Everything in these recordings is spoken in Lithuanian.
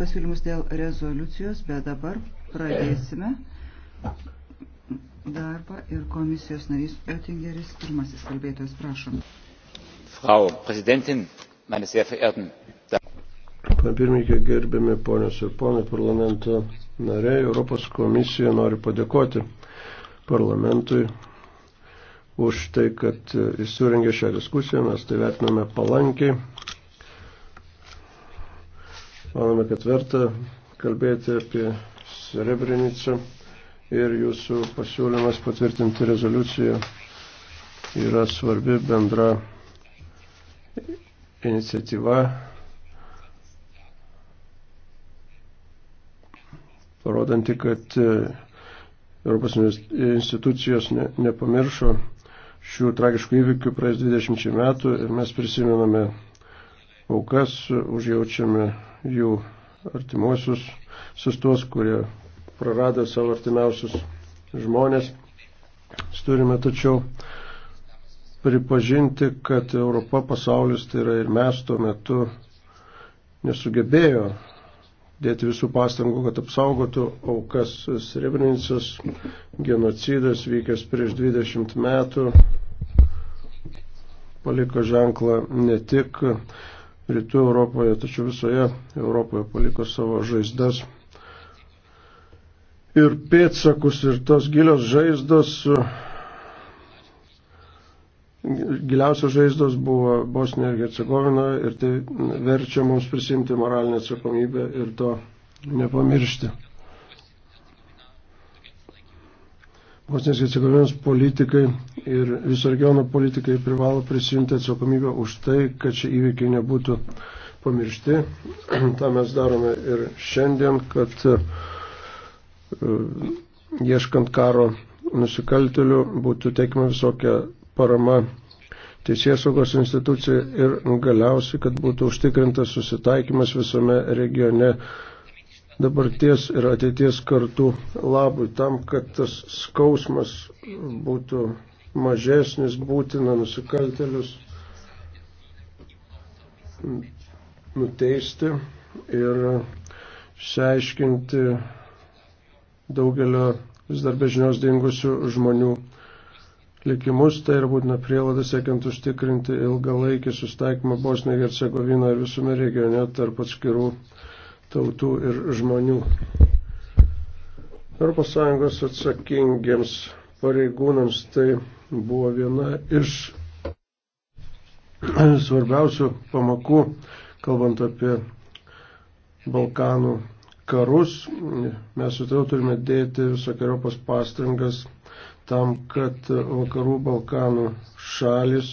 pasiūlymus dėl rezoliucijos, bet dabar pradėsime darbą ir komisijos narys Oettingeris pirmasis kalbėtojas, prašom. Frau Präsidentin, meine sehr verehrten. Pane pirmininkė, gerbiami ponios ir ponai parlamento nariai, Europos komisija nori padėkoti parlamentui už tai, kad jis surengė šią diskusiją, mes tai vertiname palankiai, Manome, kad verta kalbėti apie Srebrenicą ir jūsų pasiūlymas patvirtinti rezoliuciją yra svarbi bendra iniciatyva parodanti, kad e, Europos institucijos ne, nepamiršo šių tragiškų įvykių praeis 20 metų ir mes prisimename aukas, užjaučiame jų artimuosius, sustos, kurie prarado savo artimiausius žmonės. Turime tačiau pripažinti, kad Europa pasaulis, tai yra ir mes tuo metu nesugebėjo dėti visų pastangų, kad apsaugotų aukas Srebrenicas genocidas vykęs prieš 20 metų paliko ženklą ne tik rytų Europoje, tačiau visoje Europoje paliko savo žaizdas ir pėtsakus ir tos gilios žaizdos, giliausios žaizdos buvo Bosnija ir Hercegovina ir tai verčia mums prisimti moralinę atsakomybę ir to nepamiršti. Bosnijos Hercegovinos politikai ir viso regiono politikai privalo prisimti atsakomybę už tai, kad šie įvykiai nebūtų pamiršti. Ta mes darome ir šiandien, kad e, ieškant karo nusikaltelių būtų teikima visokia parama teisėsaugos institucijai ir galiausiai, kad būtų užtikrintas susitaikymas visame regione dabarties ir ateities kartų labui. Tam, kad tas skausmas būtų mažesnis, būtina nusikaltelius nuteisti ir išsiaiškinti daugelio vis dar bežinios dingusių žmonių likimus, tai yra būtina prielada siekiant užtikrinti ilgalaikį sustaikymą Bosnijoje ir Hercegovinoje ir visame regione tarp atskirų tautų ir žmonių. ES atsakingiems pareigūnams tai buvo viena iš svarbiausių pamokų, kalbant apie Balkanų karus. Mes ir toliau turime dėti visokiojopas pastangas tam, kad vakarų Balkanų šalis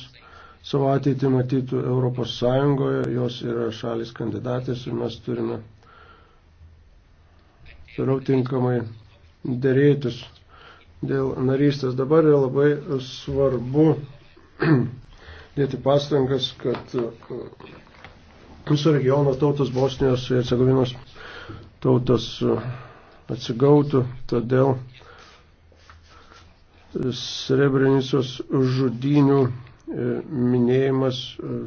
savo ateitį matytų Europos Sąjungoje, jos yra šalis kandidatės ir mes turime toliau tinkamai dėrėtis dėl narystės. Dabar yra labai svarbu dėti pastangas, kad viso regiono tautos Bosnijos ir Cegovinos tautos atsigautų, todėl Srebrenicos žudinių e, minėjimas e,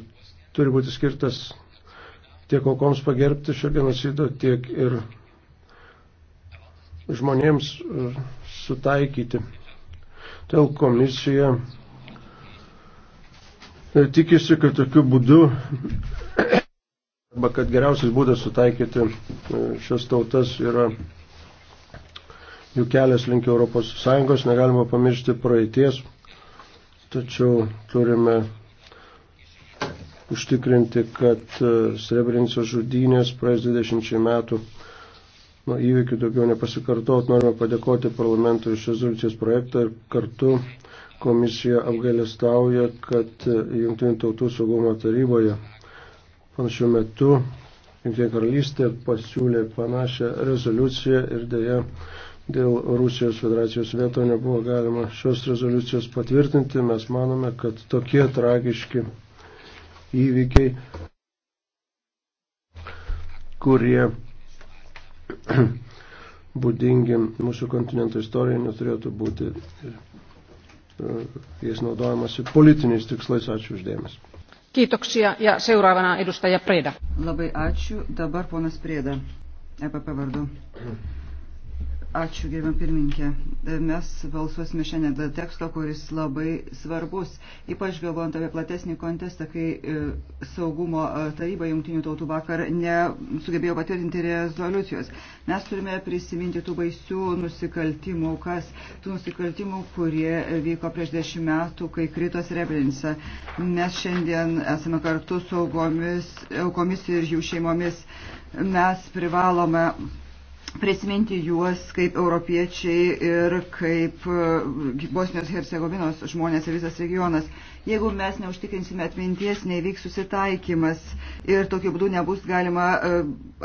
turi būti skirtas tiek aukoms pagerbti šio genocido, tiek ir žmonėms e, sutaikyti. Todėl komisija e, tikisi, kad tokiu būdu arba kad geriausias būdas sutaikyti e, šias tautas yra jų kelias link Europos Sąjungos, negalima pamiršti praeities, tačiau turime užtikrinti, kad Srebrenicos žudynės praeis 20 metų nuo įvykių daugiau nepasikartot. Norime padėkoti parlamentui iš rezoliucijos projektą ir kartu komisija apgailestauja, kad Junktinių tautų saugumo taryboje panašiu metu Junktinė karalystė pasiūlė panašią rezoliuciją ir dėja dėl Rusijos federacijos veto nebuvo galima šios rezoliucijos patvirtinti. Mes manome, kad tokie tragiški įvykiai, kurie būdingi mūsų kontinento istorijai neturėtų būti e, jais naudojamasi politiniais tikslais. Ačiū uždėmesi. Kiitoksia ja seuraavana edustaja Preda. Labai ačiū. Dabar ponas Preda, EPP vardu. Ačiū, gerbiam pirmininkė. Mes balsuosime šiandien dėl teksto, kuris labai svarbus, ypač galvojant apie platesnį kontestą, kai e, saugumo e, taryba jungtinių tautų vakar nesugebėjo patvirtinti rezoliucijos. Mes turime prisiminti tų baisių nusikaltimų, kas tų nusikaltimų, kurie vyko prieš dešimt metų, kai krito Srebrenica. Mes šiandien esame kartu su aukomis ir jų šeimomis. Mes privalome prisiminti juos kaip europiečiai ir kaip e, Bosnijos Hercegovinos žmonės ir visas regionas. Jeigu mes neužtikrinsime atminties, nevyks susitaikymas ir tokiu būdu nebus galima e,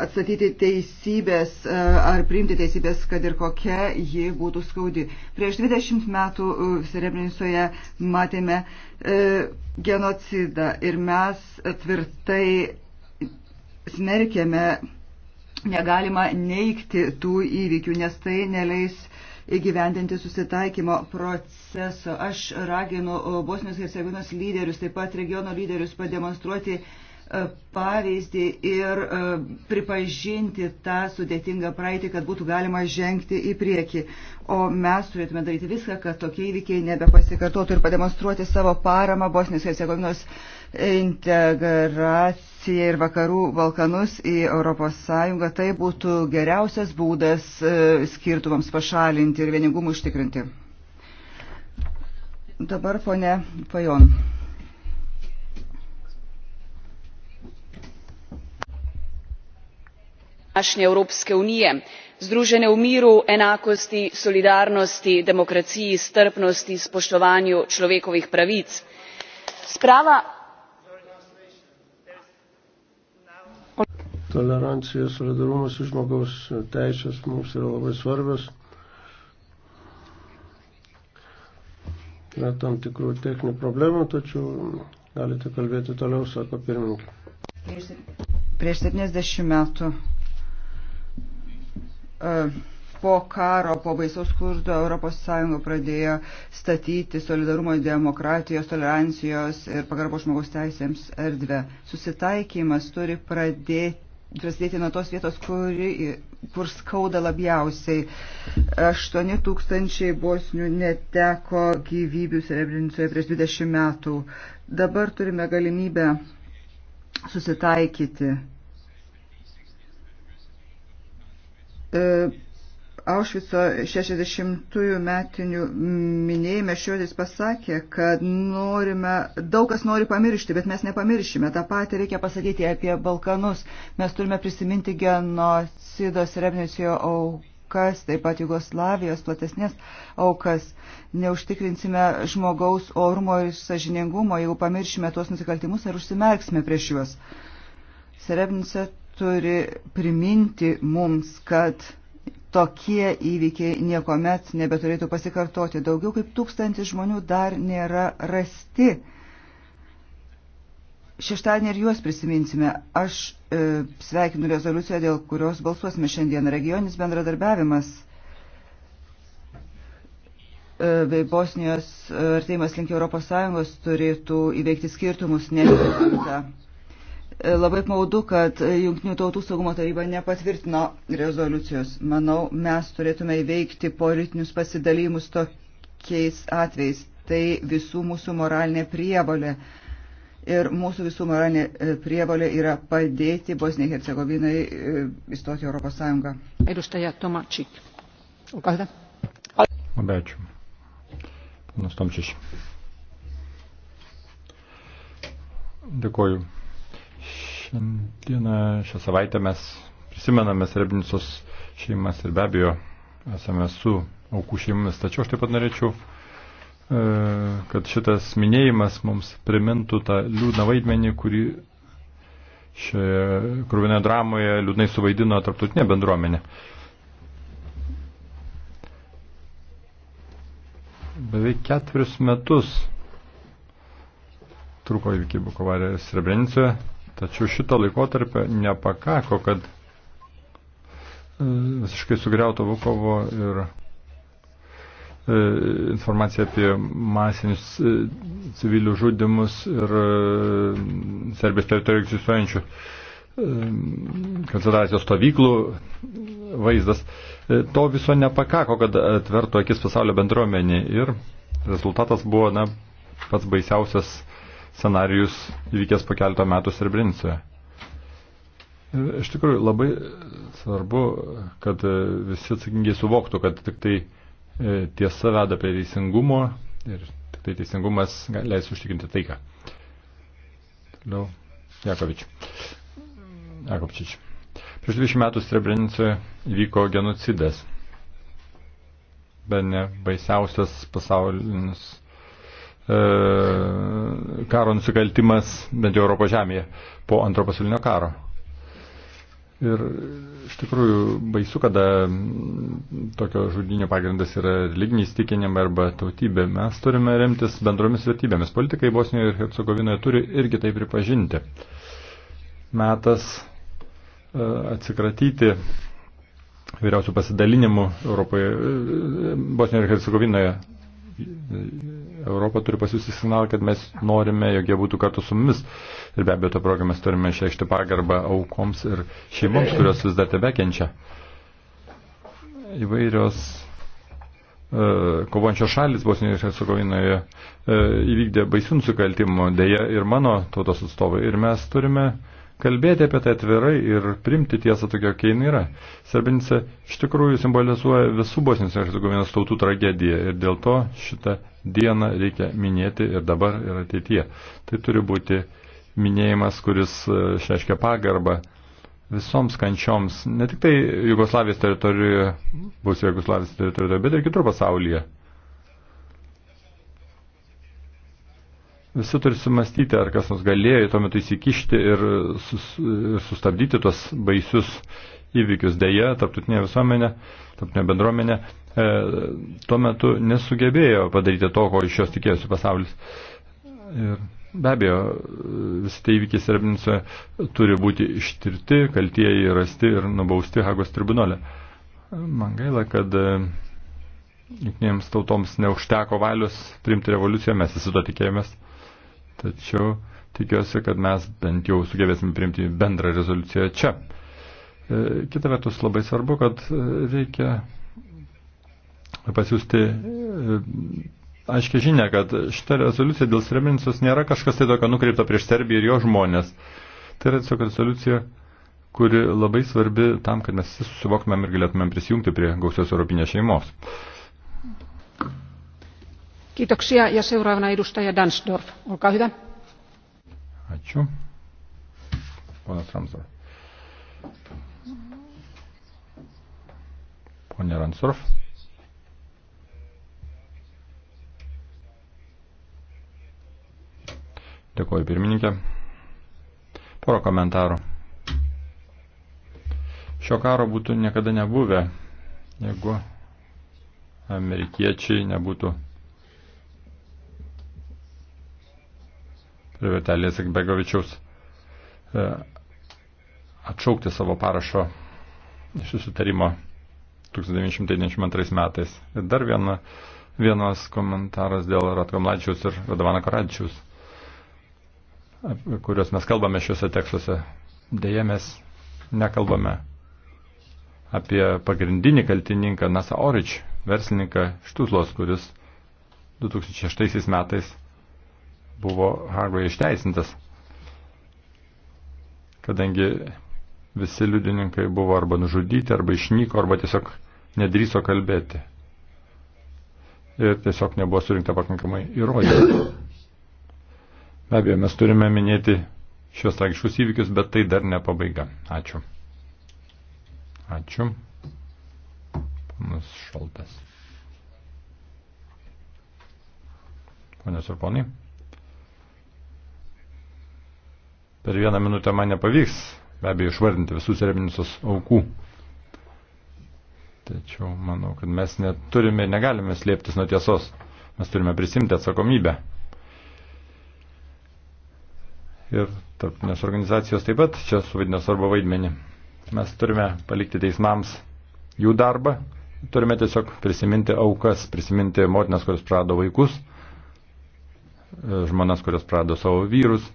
atstatyti teisybės e, ar priimti teisybės, kad ir kokia ji būtų skaudi. Prieš 20 metų Serebrinisoje matėme genocidą ir mes tvirtai smerkėme negalima neikti tų įvykių, nes tai neleis įgyvendinti susitaikymo proceso. Aš raginu Bosnijos ir Hercegovinos lyderius, taip pat regiono lyderius pademonstruoti E, pavyzdį ir e, pripažinti tą sudėtingą praeitį, kad būtų galima žengti į priekį. O mes turėtume daryti viską, kad tokie įvykiai nebepasikartotų ir pademonstruoti savo paramą Bosnijos ir Segovinos integraciją ir vakarų Balkanus į ES. Tai būtų geriausias būdas e, skirtumams pašalinti ir vieningumų užtikrinti. Dabar ponė Pajon. današnje evropske unije združene v miru enakosti solidarnosti demokraciji strpnosti spoštovanju človekovih pravic. sprava tolerancija solidarumas ir žmogaus teisės mums yra labai svarbios. Yra tam tikrų techninių problemų, tačiau galite kalbėti toliau, sako pirmininkė. Prieš 70 metų E, po karo, po baisaus skurdo ES pradėjo statyti solidarumo, demokratijos, tolerancijos ir pagarbo žmogaus teisėms erdvę. Susitaikymas turi pradėti prasidėti nuo tos vietos, kuri, kur skauda labiausiai. 8 tūkstančiai bosnių neteko gyvybių Srebrenicoje prieš 20 metų. Dabar turime galimybę susitaikyti E, Aušvico 60-ųjų metinių minėjime Šiodis pasakė, kad norime, daug kas nori pamiršti, bet mes nepamiršime. Ta pati reikia pasakyti apie Balkanus. Mes turime prisiminti genocido Srebrenicoje aukas, taip pat Jugoslavijos platesnės aukas. Neužtikrinsime žmogaus orumo ir sažiningumo, jeigu pamiršime tuos nusikaltimus ar užsimerksime prieš juos. Srebrenica turi priminti mums, kad tokie įvykiai niekuomet nebeturėtų pasikartoti. Daugiau kaip tūkstantis žmonių dar nėra rasti. Šeštadienį ir juos prisiminsime. Aš e, sveikinu rezoliuciją, dėl kurios balsuosime šiandien. Regioninis bendradarbiavimas e, bei Bosnijos e, artėjimas link ES turėtų įveikti skirtumus, ne E, labai maudu, kad Junktinių tautų saugumo taryba nepatvirtino rezoliucijos. Manau, mes turėtume įveikti politinius pasidalymus tokiais atvejais. Tai visų mūsų moralinė prievalė. Ir mūsų visų moralinė e, prievalė yra padėti Bosnijai Hercegovinai e, įstoti Europos Sąjungą. Edustaja Tomačik. Olkaa hyvä. Labai ačiū. Panas Tomčiš. Dėkoju. Šiandieną, šią savaitę mes prisimename Srebrenicos šeimas ir be abejo esame su aukų šeimomis. Tačiau aš taip pat norėčiau, e, kad šitas minėjimas mums primintų tą liūdną vaidmenį, kurį šioje krūvinėje dramoje liūdnai suvaidino tarptautinė bendruomenė. Beveik ketverius metus truko įvykiai Bukovarė Srebrenicoje. Tačiau šito laikotarpio nepakako, kad e, visiškai sugriauto Vukovo ir e, informacija apie masinius e, civilių žudimus ir Serbijos teritorijoje egzistuojančių koncentracijos stovyklų vaizdas. To viso nepakako, kad atvertų akis pasaulio bendruomenį ir rezultatas buvo na, pats baisiausias scenarijus įvykęs po keletą metų Srebrenicoje. Ir iš tikrųjų labai svarbu, kad visi atsakingiai suvoktų, kad tik tai e, tiesa veda prie teisingumo ir tik tai teisingumas leis užtikrinti taiką. Toliau, Jakovič. Jakovčič. Prieš 20 metų Srebrenicoje įvyko genocidas. Be ne baisiausias pasaulinis E, karo nusikaltimas bent jau Europos žemėje po antro pasaulinio karo. Ir iš tikrųjų baisu, kada tokio žudinio pagrindas yra religiniai įtikinimai arba tautybė. Mes turime remtis bendromis vertybėmis. Politikai Bosnijoje ir Hercegovinoje turi irgi tai pripažinti. Metas e, atsikratyti vyriausių pasidalinimų Europoje, e, Bosnijoje ir Hercegovinoje Europa turi pasiūsti signalą, kad mes norime, jog jie būtų kartu su mumis. Ir be abejo, to progą mes turime išreikšti pagarbą aukoms ir šeimoms, kurios vis dar tebekenčia. Įvairios e, kovančios šalis Bosnijoje ir Hercegovinoje e, įvykdė baisių nusikaltimų, dėja ir mano tautos atstovai. Ir mes turime uh, kalbėti apie tai atvirai ir primti tiesą tokia, kokia jinai yra. Srebrenica iš tikrųjų simbolizuoja visų Bosnijos ir Hercegovinos tautų tragediją ir dėl to šitą dieną reikia minėti ir dabar ir ateityje. Tai turi būti minėjimas, kuris e, šeškia pagarbą visoms kančioms, ne tik tai Jugoslavijos teritorijoje, bus Jugoslavijos teritorijoje, bet ir kitur pasaulyje. Visi turi sumastyti, ar kas nors galėjo tuo metu įsikišti ir, sus, ir sustabdyti tuos baisius įvykius. Deja, tarptautinė visuomenė, tarptautinė bendruomenė e, tuo metu nesugebėjo padaryti to, ko iš jos tikėjosi pasaulis. Ir be abejo, visi tie įvykiai Srebrenicoje turi būti ištirti, kaltieji rasti ir nubausti Hagos tribunolė. Man gaila, kad e, jungtinėms tautoms neužteko valios priimti revoliuciją, mes visi to tikėjomės. Tačiau tikiuosi, kad mes bent jau sugebėsime priimti bendrą rezoliuciją čia. E, kita vertus labai svarbu, kad e, reikia pasiūsti e, aiškiai žinia, kad šita rezoliucija dėl Srebrenicos nėra kažkas tai tokio nukreipta prieš Serbiją ir jo žmonės. Tai yra tiesiog rezoliucija, kuri labai svarbi tam, kad mes susivoktumėm ir galėtumėm prisijungti prie gausios europinės šeimos. Kiitoksia ja seuraavana edustaja Dansdorf. Olkaa hyvä. Ačiū. Ponas Ramsdorf. Pone Ransurf. Dėkuoju pirmininkė. Poro komentarų. Šio karo būtų niekada nebuvę, jeigu amerikiečiai nebūtų privertė Lėzikbegovičiaus e, atšaukti savo parašo susitarimo 1992 metais. Ir dar viena, vienas komentaras dėl Ratkomlačiaus ir Radovana Karadžiaus, kuriuos mes kalbame šiuose tekstuose. Deja, mes nekalbame apie pagrindinį kaltininką Nasa Orič, verslininką Štutlos, kuris 2006 metais buvo Hagoje išteisintas, kadangi visi liudininkai buvo arba nužudyti, arba išnyko, arba tiesiog nedryso kalbėti. Ir tiesiog nebuvo surinkta pakankamai įrodymų. Be abejo, mes turime minėti šios tragiškus įvykius, bet tai dar ne pabaiga. Ačiū. Ačiū. Panas Šaltas. Ponios ir ponai. per vieną minutę man nepavyks be abejo išvardinti visus Srebrenicos aukų. Tačiau manau, kad mes neturime ir negalime slėptis nuo tiesos. Mes turime prisimti atsakomybę. Ir tarptinės organizacijos taip pat čia suvaidina svarbu vaidmenį. Mes turime palikti teismams jų darbą, turime tiesiog prisiminti aukas, prisiminti motinas, kurios prado vaikus, žmonas, kurios prado savo vyrus,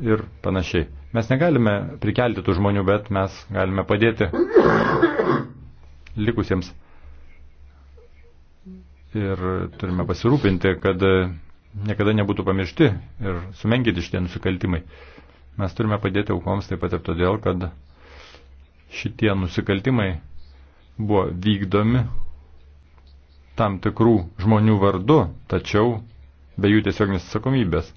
ir panašiai. Mes negalime prikelti tų žmonių, bet mes galime padėti likusiems. Ir turime pasirūpinti, kad niekada nebūtų pamiršti ir sumenkyti šitie nusikaltimai. Mes turime padėti aukoms taip pat ir todėl, kad šitie nusikaltimai buvo vykdomi tam tikrų žmonių vardu, tačiau be jų tiesioginės atsakomybės.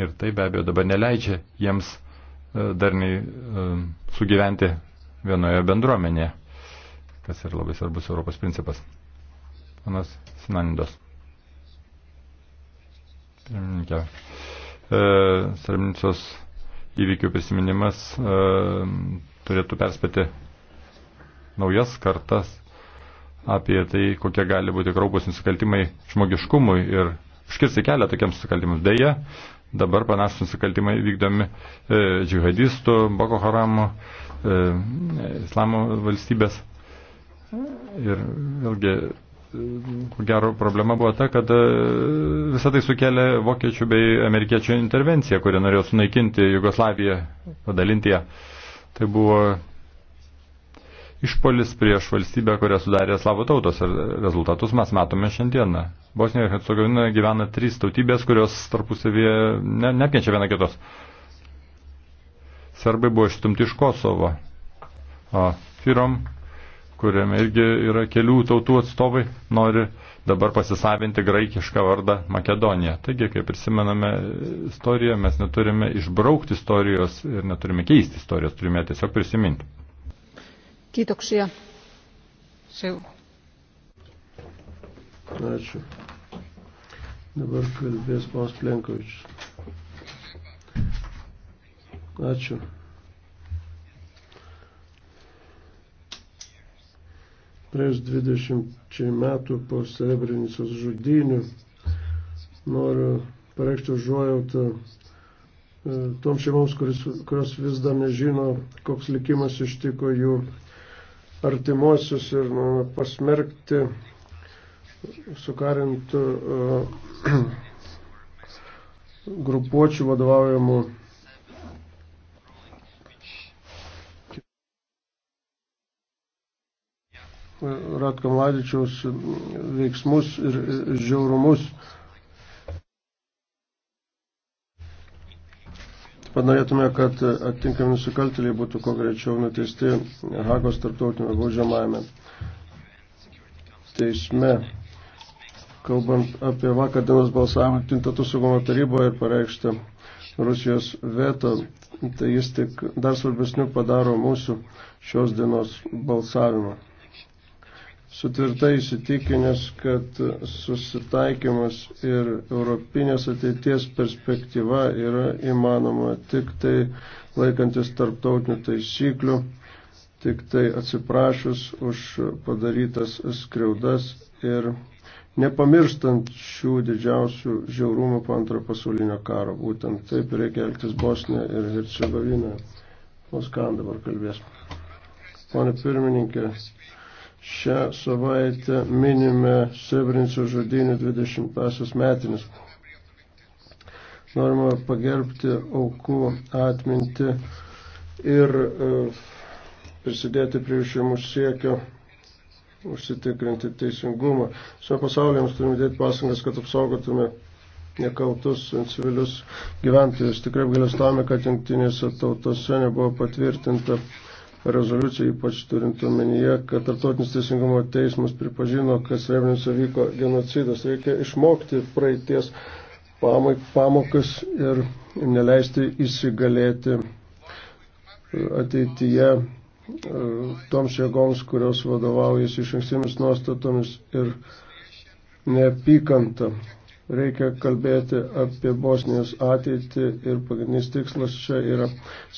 Ir tai be abejo dabar neleidžia jiems e, darniai e, sugyventi vienoje bendruomenėje, kas yra labai svarbus Europos principas. Panas Sinanidos. Pirmininkė. E, Sarminicos įvykių prisiminimas turėtų perspėti naujas kartas apie tai, kokie gali būti kraupus nusikaltimai žmogiškumui ir užkirsti kelią tokiems nusikaltimams. Deja, dabar panašus nusikaltimai vykdomi e, džihadistų, Boko Haramo, e, islamo valstybės. Ir vėlgi, ko gero, problema buvo ta, kad e, visą tai sukėlė vokiečių bei amerikiečių intervencija, kurie norėjo sunaikinti Jugoslaviją, padalinti ją. Tai buvo išpolis prieš valstybę, kurią sudarė slavų tautos. Ir rezultatus mes matome šiandieną. Bosnijoje ir Hercegovinoje gyvena trys tautybės, kurios tarpusavėje ne, nekenčia viena kitos. Serbai buvo išstumti iš Kosovo. O Firom, kuriame irgi yra kelių tautų atstovai, nori dabar pasisavinti graikišką vardą Makedonija. Taigi, kaip prisimename istoriją, mes neturime išbraukti istorijos ir neturime keisti istorijos, turime tiesiog prisiminti. Kiitoksia. Seuraava. Ačiū. Dabar kalbės Mas Plenkovičius. Ačiū. Prieš 20 metų po Srebrenicos žudynių noriu pareikšti užuojautą e, tom šeimoms, kurios vis dar nežino, koks likimas ištiko jų artimuosius ir na, nu, pasmerkti sukarintų uh, grupuočių vadovaujamų Ratkamladičiaus veiksmus ir žiaurumus. Pat norėtume, kad atitinkami nusikaltėliai būtų kuo greičiau nuteisti Hagos tarptautinio baudžiamajame teisme. Kalbant apie vakar dienos balsavimą Tintatų saugumo taryboje ir pareikštą Rusijos veto, tai jis tik dar svarbesniu padaro mūsų šios dienos balsavimą sutvirtai įsitikinęs, kad susitaikymas ir europinės ateities perspektyva yra įmanoma tik tai laikantis tarptautinių taisyklių, tik tai atsiprašus už padarytas skriaudas ir nepamirštant šių didžiausių žiaurumų po antrojo pasaulinio karo. Būtent taip reikia elgtis Bosnė ir Hercegovina. Oskan dabar kalbės. Pone pirmininkė, Šią savaitę minime Srebrenicų žudynių 20-asios metinis. Norima pagerbti aukų atminti ir e, prisidėti prie šeimų siekio užsitikrinti teisingumą. Šio pasaulyje mums turime dėti pasangas, kad apsaugotume nekaltus civilius gyventojus. Tikrai galėstame, kad jungtinėse tautose nebuvo patvirtinta rezoliuciją, ypač turint omenyje, kad Tartotinis teisingumo teismas pripažino, kad Srebrenicoje vyko genocidas. Reikia išmokti praeities pamokas ir neleisti įsigalėti e, ateityje e, toms jėgoms, kurios vadovaujasi iš ankstimis nuostatomis ir neapykanta reikia kalbėti apie Bosnijos ateitį ir pagrindinis tikslas čia yra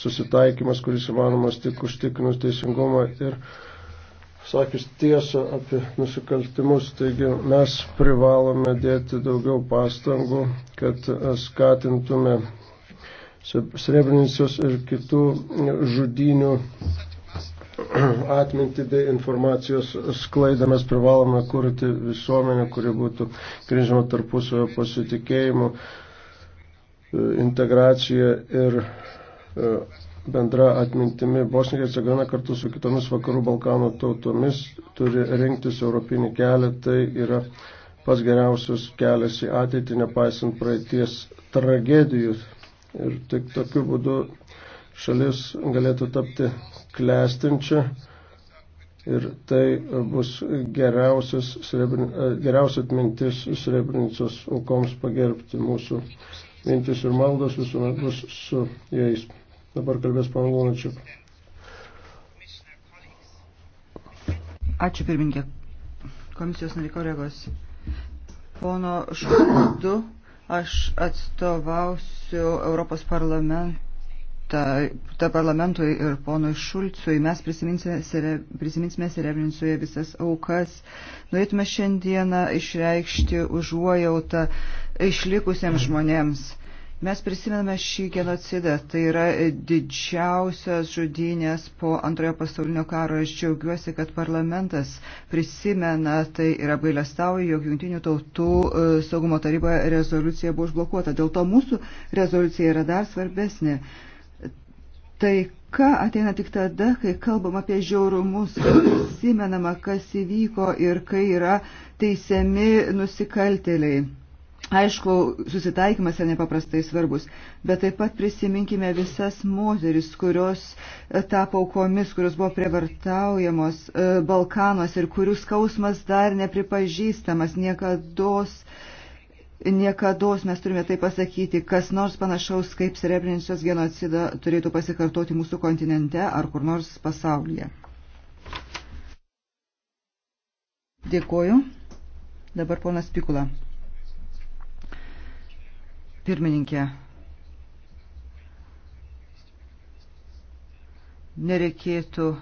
susitaikymas, kuris įmanomas tik užtikrinus teisingumą ir sakius tiesą apie nusikaltimus. Taigi mes privalome dėti daugiau pastangų, kad skatintume Srebrenicos ir kitų žudinių atmintį bei informacijos sklaidą mes privalome kurti visuomenę, kuri būtų grįžama tarpusavio pasitikėjimu, integracija ir e, bendra atmintimi. Bosnija ir Cegana kartu su kitomis vakarų Balkanų tautomis turi rinktis europinį kelią. Tai yra pas geriausias kelias į ateitį, nepaisant praeities tragedijų. Ir tik tokiu būdu šalis galėtų tapti klestinčia ir tai bus geriausias, e, geriausia atmintis Srebrenicos aukoms pagerbti mūsų mintis ir maldos visuomet bus su jais. Dabar kalbės pana Lunačiuk. Ačiū pirmininkė. Komisijos nariai kolegos. Pono Šaudu, aš atstovausiu Europos parlamentą ta parlamentui ir ponui Šulcui. Mes prisiminsime, prisiminsime Serebrinsoje visas aukas. Norėtume šiandieną išreikšti užuojautą išlikusiems žmonėms. Mes prisimename šį genocidą, tai yra didžiausias žudynės po antrojo pasaulinio karo. Aš džiaugiuosi, kad parlamentas prisimena tai ir apgailestauja, jog Junktinių tautų e, saugumo taryboje rezoliucija buvo užblokuota. Dėl to mūsų rezoliucija yra dar svarbesnė. Taika ateina tik tada, kai kalbam apie žiaurumus, prisimenama, kas įvyko ir kai yra teisiami nusikaltėliai. Aišku, susitaikymas yra nepaprastai svarbus, bet taip pat prisiminkime visas moteris, kurios e, tapo aukomis, kurios buvo prievartaujamos e, Balkanos ir kurių skausmas dar nepripažįstamas, niekados uh, Niekada mes turime tai pasakyti, kas nors panašaus kaip Srebrenicos genocida turėtų pasikartoti mūsų kontinente ar kur nors pasaulyje. Dėkoju. Dabar ponas Pikula. Pirmininkė. Nereikėtų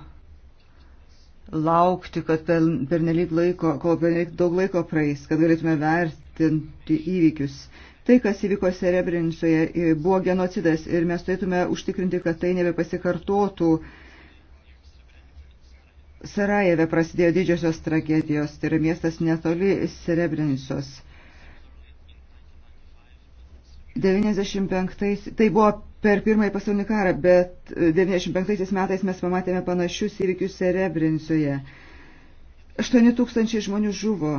laukti, kad per, per nelik laiko, kol per nelik daug laiko praeis, kad galėtume vertinti įvertinti įvykius. Tai, kas įvyko Serebrinsoje, buvo genocidas ir mes turėtume užtikrinti, kad tai nebepasikartotų. Sarajeve prasidėjo didžiosios tragedijos, tai yra miestas netoli Serebrinsos. 95 tai buvo per pirmąjį pasaulinį karą, bet 95 metais mes pamatėme panašius įvykius Serebrinsoje. 8 tūkstančiai žmonių žuvo,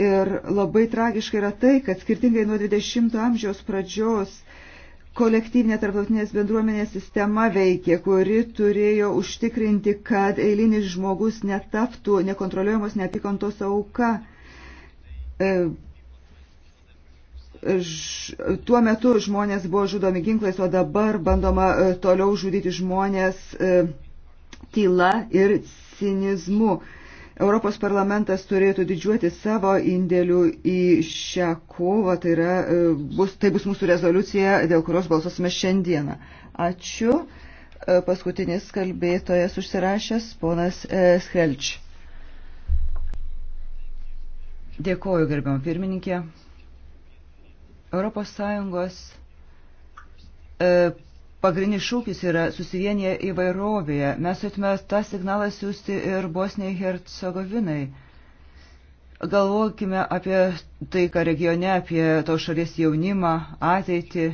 Ir labai tragiška yra tai, kad skirtingai nuo 20-ojo amžiaus pradžios kolektyvinė tarptautinės bendruomenės sistema veikė, kuri turėjo užtikrinti, kad eilinis žmogus netaptų nekontroliuojamos neapykantos auka. E, ž, tuo metu žmonės buvo žudomi ginklais, o dabar bandoma e, toliau žudyti žmonės e, tyla ir cinizmu. E, Europos parlamentas turėtų didžiuoti savo indėlių į šią kovą, tai, yra, e, bus, tai bus mūsų rezoliucija, dėl kurios balsosime šiandieną. Ačiū. E, paskutinis kalbėtojas užsirašęs, ponas e, Skrelč. Dėkoju, gerbiam pirmininkė. Europos Sąjungos Pagrindinis šūkis yra susivienyje įvairovėje. Mes turėtume tą signalą siūsti ir Bosniai Hercegovinai. Galvokime apie tai, ką regione, apie to šalies jaunimą, ateitį.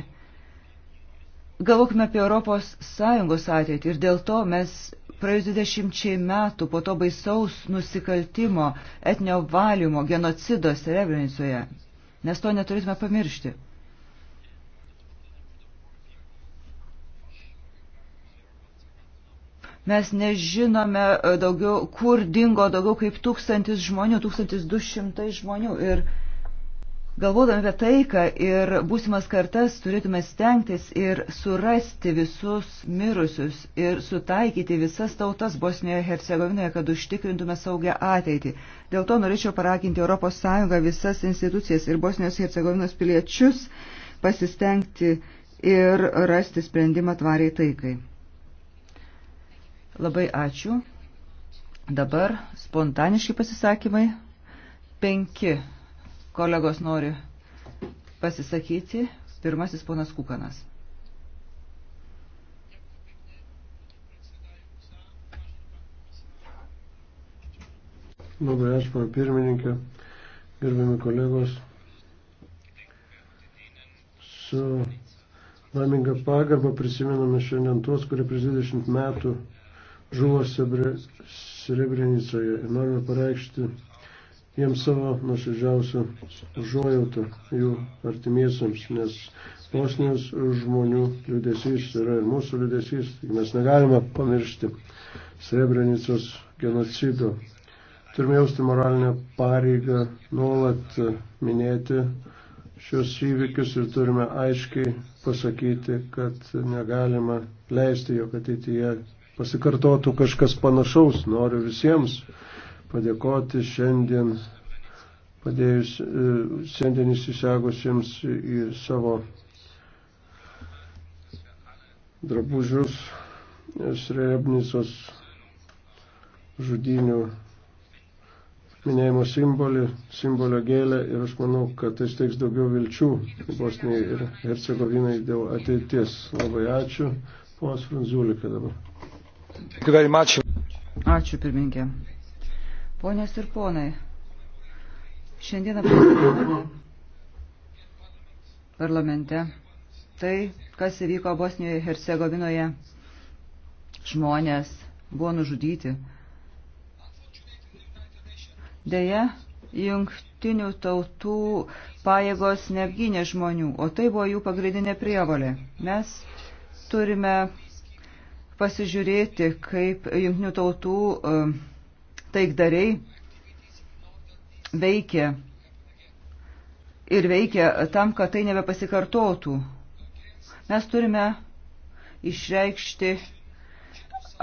Galvokime apie Europos Sąjungos ateitį ir dėl to mes praėjus 20 metų po to baisaus nusikaltimo, etnio valymo, genocido Srebrenicoje, nes to neturėtume pamiršti. Mes nežinome e, daugiau, kur dingo daugiau kaip tūkstantis žmonių, tūkstantis du šimtai žmonių. Ir galvodami apie taiką ir būsimas kartas turėtume stengtis ir surasti visus mirusius ir sutaikyti visas tautas Bosnijoje ir Hercegovinoje, kad užtikrintume saugę ateitį. Dėl to norėčiau paraginti ES visas institucijas ir Bosnijos ir Hercegovinos piliečius pasistengti ir rasti sprendimą tvariai taikai. Labai ačiū. Dabar spontaniški pasisakymai. Penki kolegos nori pasisakyti. Pirmasis ponas Kukanas. Labai ačiū, pana pirmininkė, gerbiami kolegos. Su laiminga pagarba prisimename šiandien tuos, kurie prieš 20 metų žuvo Srebrenicoje ir norime pareikšti jiems savo nuoširdžiausią užuojautą jų artimiesiams, nes Bosnijos žmonių liudesys yra ir mūsų liudesys, mes negalime pamiršti Srebrenicos genocido. Turime jausti moralinę pareigą nuolat minėti šios įvykius ir turime aiškiai pasakyti, kad negalima leisti, jog ateityje pasikartotų kažkas panašaus. Noriu visiems padėkoti šiandien, padėjus, e, šiandien įsisegusiems į savo drabužius e, Srebnicos žudinių minėjimo simbolį, simbolio gėlę ir aš manau, kad tai steiks daugiau vilčių Bosnijai ir Hercegovinai dėl ateities. Labai ačiū. Ponas Franzulika dabar. Ačiū pirmininkė. Ponios ir ponai, šiandieną pristatėme parlamente tai, kas įvyko Bosnijoje ir Hercegovinoje. Žmonės buvo nužudyti. Deja, jungtinių tautų pajėgos neapgynė žmonių, o tai buvo jų pagrindinė prievalė. Mes turime pasižiūrėti, kaip jungtinių tautų e, taikdariai veikia ir veikia tam, kad tai nebepasikartotų. Mes turime išreikšti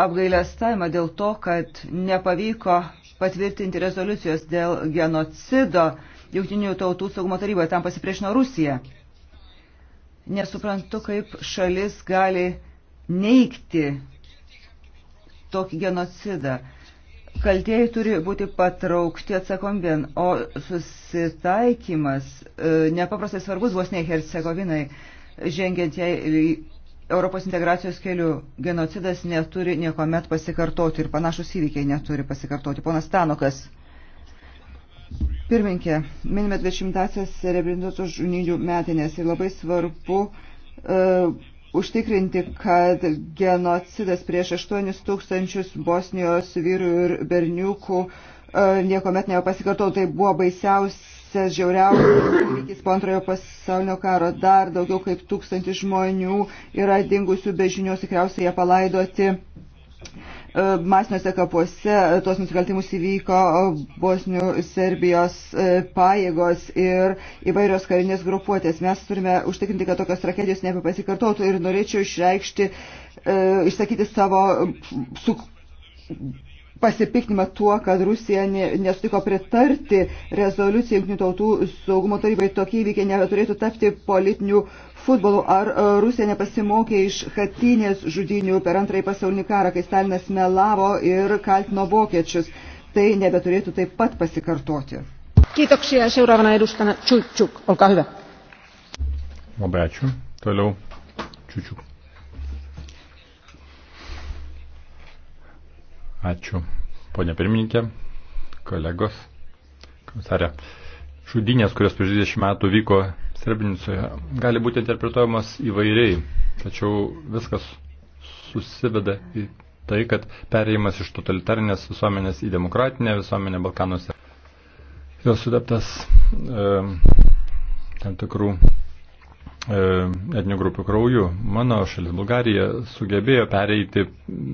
apgailestavimą dėl to, kad nepavyko patvirtinti rezoliucijos dėl genocido Jungtinių tautų saugumo taryboje, tam pasipriešino Rusija. Nesuprantu, kaip šalis gali neikti tokį genocidą. Kaltieji turi būti patraukti atsakombien, o susitaikymas e, nepaprastai svarbus Bosniai Hercegovinai, žengiant jai Europos integracijos keliu. Genocidas neturi niekuomet pasikartoti ir panašus įvykiai neturi pasikartoti. Ponas Tanokas. Pirminkė, minime 20-asias Serebrinos žunynių metinės ir labai svarbu uh, užtikrinti, kad genocidas prieš 8 tūkstančius Bosnijos vyrų ir berniukų e, niekuomet nepasikartau, tai buvo baisiausias, žiauriausias įvykis po antrojo pasaulinio karo. Dar daugiau kaip tūkstantis žmonių yra dingusių be žinios, tikriausiai jie palaidoti masiniuose kapuose tuos nusikaltimus įvyko Bosnių Serbijos e, pajėgos ir įvairios karinės grupuotės. Mes turime užtikrinti, kad tokios tragedijos nebepasikartotų ir norėčiau išreikšti, e, išsakyti savo su pasipiktinimą tuo, kad Rusija nesutiko pritarti rezoliucijai Junktinių tautų saugumo tarybai. Tokie įvykiai neturėtų tapti politinių futbolu. Ar e, Rusija nepasimokė iš Hatinės žudinių per antrąjį pasaulinį karą, kai Stalinas melavo ir kaltino vokiečius? Tai nebeturėtų taip pat pasikartoti. Kiitoksia. Seuraavana edustajana Čučiuk. Olkaa hyvä. Labai ačiū. Toliau Čučiuk. Ačiū, ponė pirmininkė, kolegos, komisarė. Šudinės, kurios prieš 20 metų vyko Srebrenicoje gali būti interpretuojamas įvairiai, tačiau viskas susiveda į tai, kad perėjimas iš totalitarinės visuomenės į demokratinę visuomenę Balkanuose. Jos sudaptas e, tam tikrų e, etinių grupių krauju. Mano šalis Bulgarija sugebėjo pereiti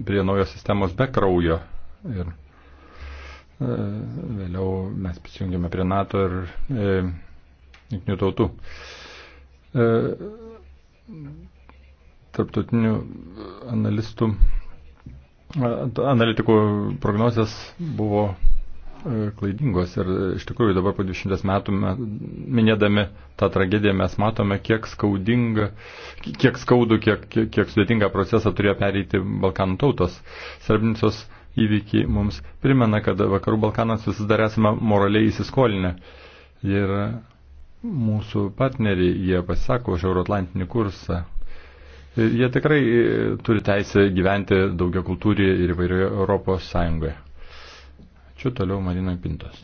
prie naujos sistemos be kraujo. Ir e, vėliau mes prisijungėme prie NATO ir e, jungtinių tautų. E, tarptautinių analistų, analitikų prognozijas buvo e, klaidingos ir iš tikrųjų dabar po 200 metų minėdami tą tragediją mes matome, kiek skaudinga, kiek skaudų, kiek, kiek, kiek sudėtingą procesą turėjo pereiti Balkanų tautos. Srebnicos įvykiai mums primena, kad vakarų Balkanas vis dar esame moraliai įsiskolinę. Ir mūsų partneriai, jie pasisako už euroatlantinį kursą. Jie tikrai e, turi teisę gyventi daugia kultūrėje ir įvairioje Europos Sąjungoje. Ačiū toliau Marina Pintos.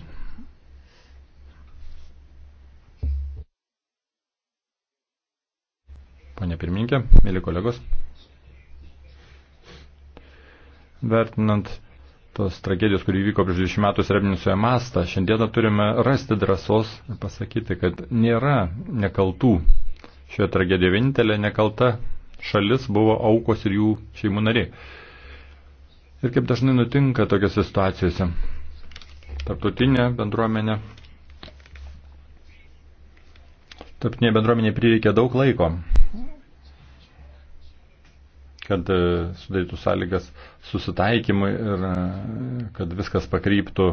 Pane pirmininkė, mėly kolegos, vertinant tos tragedijos, kurį vyko prieš 20 metų Srebrenicoje mastą, šiandieną turime rasti drąsos pasakyti, kad nėra nekaltų šioje tragedijoje. Vienintelė nekalta šalis buvo aukos ir jų šeimų nariai. Ir kaip dažnai nutinka tokiose situacijose. Tarptautinė bendruomenė. Tarptautinė bendruomenė prireikė daug laiko, kad e, sudarytų sąlygas susitaikymui ir e, kad viskas pakryptų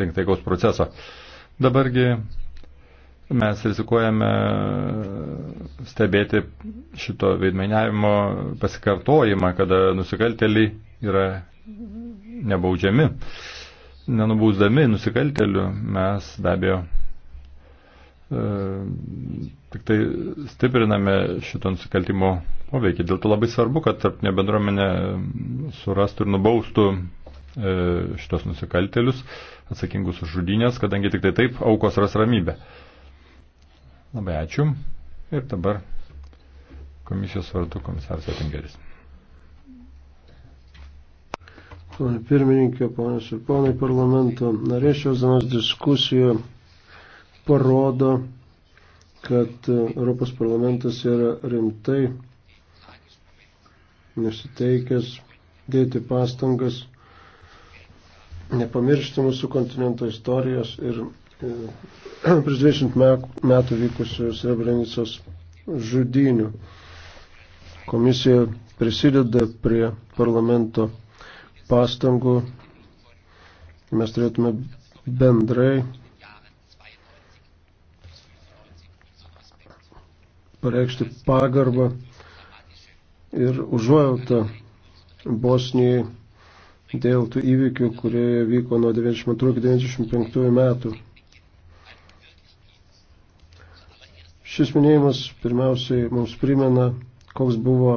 link taikaus proceso. Dabargi mes rizikuojame e, stebėti šito veidmainiavimo pasikartojimą, kada nusikalteliai yra nebaudžiami. Nenubūsdami nusikaltelių mes be abejo tik tai stipriname šito nusikaltimo poveikį. Dėl to labai svarbu, kad tarpinė bendruomenė surastų ir nubaustų e, šitos nusikaltelius, atsakingus už žudynės, kadangi tik tai taip aukos ras ramybę. Labai ačiū. Ir dabar komisijos vardu komisaras Atingeris. Pane pirmininkė, ponas ir ponai parlamento, narė šios dienos diskusija parodo, kad e, Europos parlamentas yra rimtai nusiteikęs dėti pastangas, nepamiršti mūsų kontinento istorijos ir e, prieš 20 metų vykusių Srebrenicos žudynių. Komisija prisideda prie parlamento pastangų. Mes turėtume bendrai pareikšti pagarbą ir užuojautą Bosnijai dėl tų įvykių, kurie vyko nuo 92 iki 95 metų. Šis minėjimas pirmiausiai mums primena, koks buvo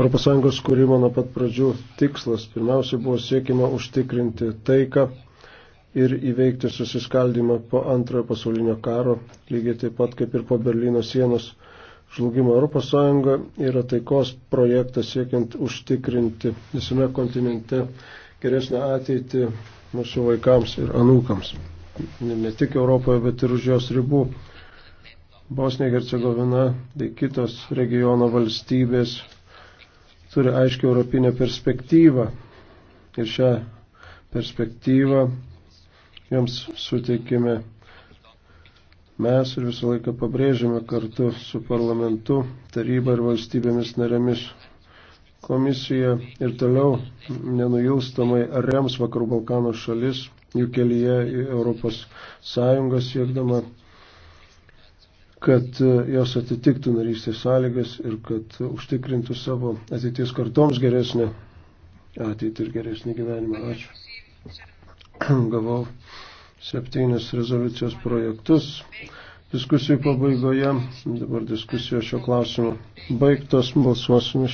ES kūrimo nuo pat pradžių tikslas. Pirmiausia buvo siekima užtikrinti taiką ir įveikti susiskaldimą po antrojo pasaulinio karo, lygiai taip pat kaip ir po Berlyno sienos žlugimo. Europos Sąjunga yra taikos projektas siekiant užtikrinti visame kontinente geresnę ateitį mūsų vaikams ir anūkams. Ne tik Europoje, bet ir už jos ribų. Bosnija, Hercegovina bei kitos regiono valstybės turi aiškiai europinę perspektyvą. Ir šią perspektyvą joms suteikime Mes ir visą laiką pabrėžiame kartu su parlamentu, taryba ir valstybėmis narėmis. Komisija ir toliau nenuilstamai rems Vakarų Balkano šalis, jų kelyje į Europos Sąjungą siekdama, kad e, jos atitiktų narystės sąlygas ir kad užtikrintų savo ateities kartoms geresnę ateitį ir geresnį gyvenimą. Ačiū. Gavau septynis rezoliucijos projektus. Diskusijų pabaigoje, dabar diskusijos šio klausimu baigtos, balsuosime.